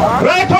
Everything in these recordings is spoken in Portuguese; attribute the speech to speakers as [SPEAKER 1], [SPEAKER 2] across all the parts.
[SPEAKER 1] Vai Right,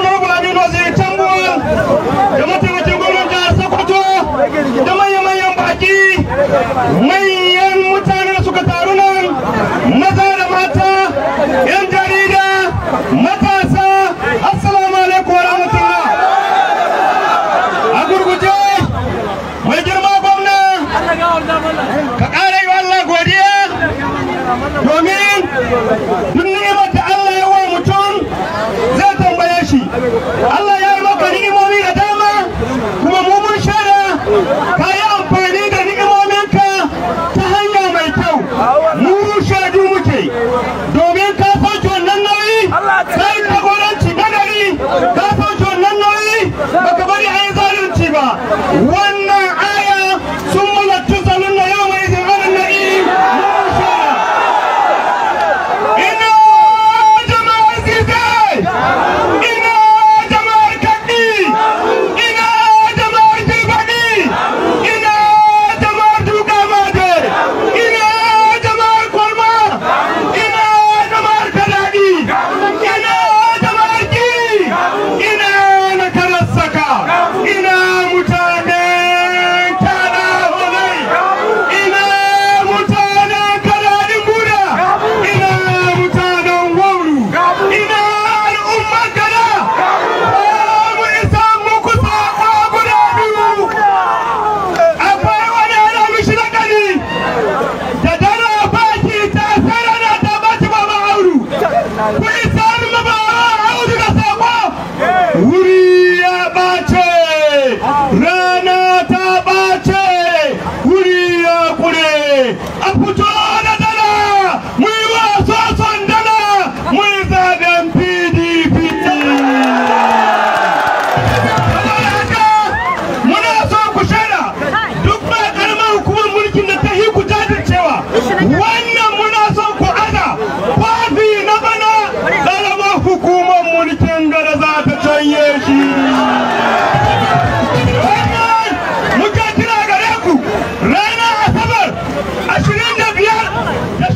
[SPEAKER 1] Utah! 不用了有一个